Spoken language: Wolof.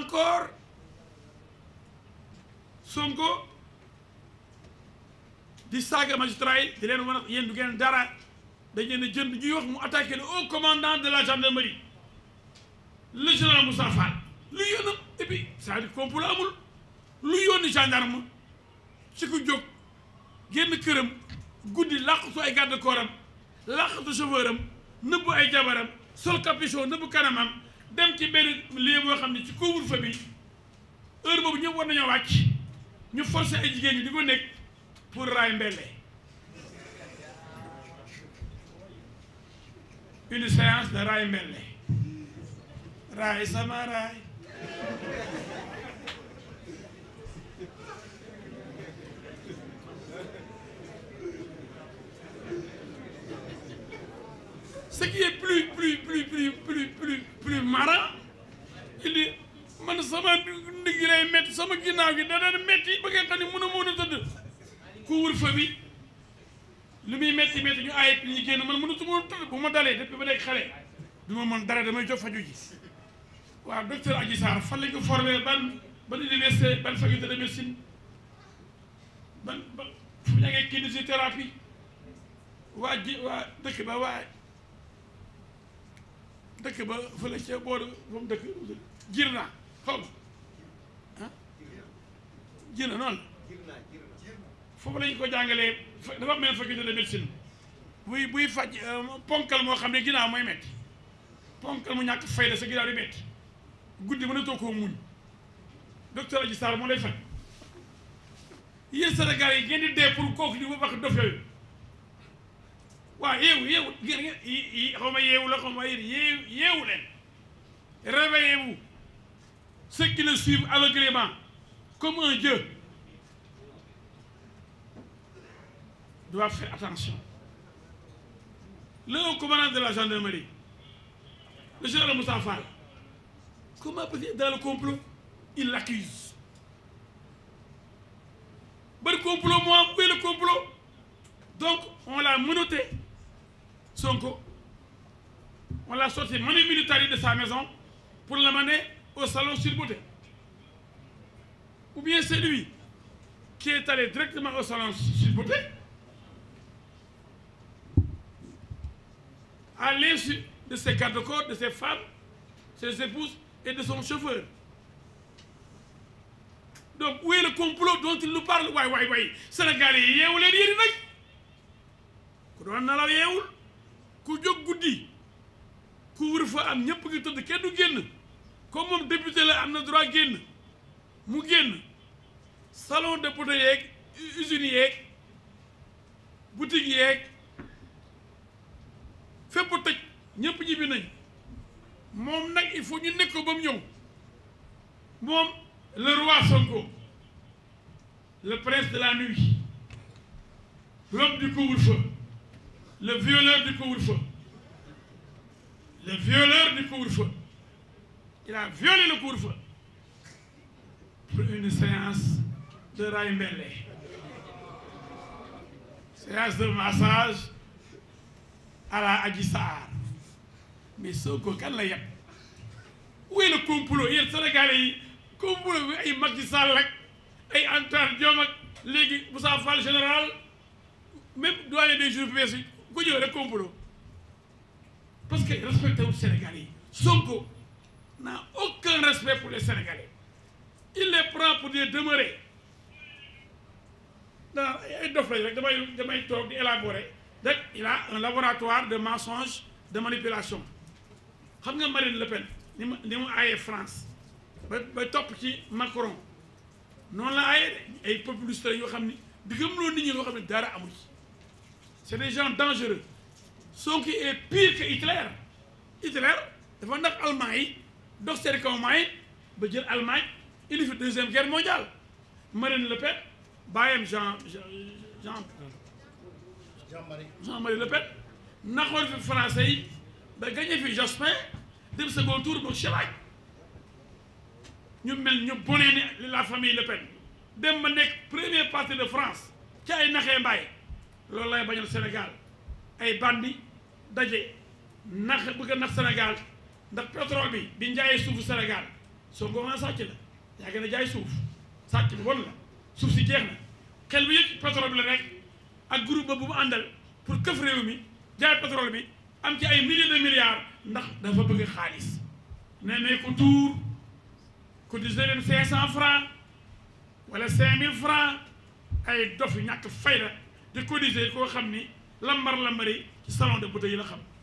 encore Sonko di saaga magistrat di leen wan yéen du ngeen dara dañ leen a jënd ñuy wax mu attaqué le haut commandant de la gendarmerie le général Moussa Fall lu yoonam et puis c'est-à-dire amul lu yónni gendarme ci ku jóg génn këram guddi làqatu ay garde corps am làqatu chauffeur ay jabaram sol capuchon nëbbu kanamam dem ci benn lieu boo xam ne ci couvre-feu bi heure boobu ñëpp war nañoo wàcc ñu forcer ay jigéen ñi di ko nekk pour raay mbelle une séance de raay mbelle raay sama raay ce qui est plus plus ndigg gi lay métti sama ginnaaw gi dana a mën a tëdd ku fa bi lu ma tëdd bu ma dalee depuis ba nekk xale du ma mën dara damay jóg ban ban université ban faculté de waa dëkk ba waa dëkk ba fële ca jir naa ji na noonu foofu la ko jàngalee dafa mel faculté de médecine buy buy faj euh, ponkal moo xam ne ginnaaw mooy métti ponkal mu ñàkk fayda sa ginnaaw di métti guddi mën koo muñ docteur Adji moo lay faj yéen Sénégal yi ngeen di dee pour kooku di wax dof yooyu yeewu yeewu yeewu la xaw yeewu yeewu leen réveillez-vous comme un Dieu doivent faire attention. Le commandant de la gendarmerie, le général Moussa Fall, comment peut-il dans le complot Il l'accuse. Mais complot, moi, oui, le complot. Donc, on l'a menotté, Sonko. On l'a sorti, mané militaire de sa maison pour l'amener au salon sur ou bien c'est lui qui est directement au salon Sud Beauté à l'insu de ses gardes-corps, de ses femmes, ses épouses et de son chauffeur. donc où est le complot dont il nous parle waay waay waay sénégalais yi yeewu leen yéen ku doon nalaw yeewul ku jóg guddi ku wër fa am ñëpp ngi tëdd kenn du génn comme moom député la am na droit génn mu génn salon de poteau yeeg usines yeeg boutique yeeg fépp tëj ñëpp ñibbi nañ moom nag il faut ñu nekk ko ba mu ñëw moom le roi Sonko le prince de la nuit l'homme du couvre-feu le violeur du couvre-feu le violeur du couvre-feu il a violé le couvre-feu de Raimbele. Séance de massage à la Adji Sarr mais Sonko kan la yab wéy na complot yéen Sénégalais yi bi ay Macky Sall ay Antoine Diome ak léegi Moussa Fall général même doyen des juges ku ñëw rek complot parce que respecté wu Sénégalais yi Sonko n'a aucun respect pour les Sénégalais il les prend pour des daa ay dof lañ rek damay damay toog di élaborer rek il a un laboratoire de mensonge de manipulation xam nga Marine Le Pen ni mu ni mu aayee France ba ba topp ci Macron noonu la aayee de ay populistes yoo xam ni di gëmloo nit ñi loo xam ne dara amul c'est des gens dangereux Sonko est pire que Hitler Hitler dafa ndax Allemagne yi dox seen kaw yi ba jël Allemagne indi deuxième guerre mondiale Marine Le Pen. bàyyam Jean Jean Jean-Marie Jean-Marie Le Pen naxoon fi français yi ba gagné fi Jospin dem second tour bu Chirac ñu mel ñu bonee ni la famille Le Pen dem ba nekk premier parti de France ci ay naxee mbaay loolu lay bañal Sénégal ay bandi daje nax bëgg a nax Sénégal ndax pétrole bi di njaayee suufu Sénégal soo ko mën a sàcc la yaa gën a jaay suuf sàcc bi bon la suuf si jeex na xel bu yëg pétrole bi la rek ak groupe ba bu mu àndal pour këf réew mi jaay pétrole bi am ci ay milliers de milliards ndax dafa bëgg xaalis nee na ko tuur cotiser leen cinq cent francs wala cinq mille francs ay dof yu ñàkk fayda di cotiser koo xam ni lambar lambari ci salon de beauté yi la xam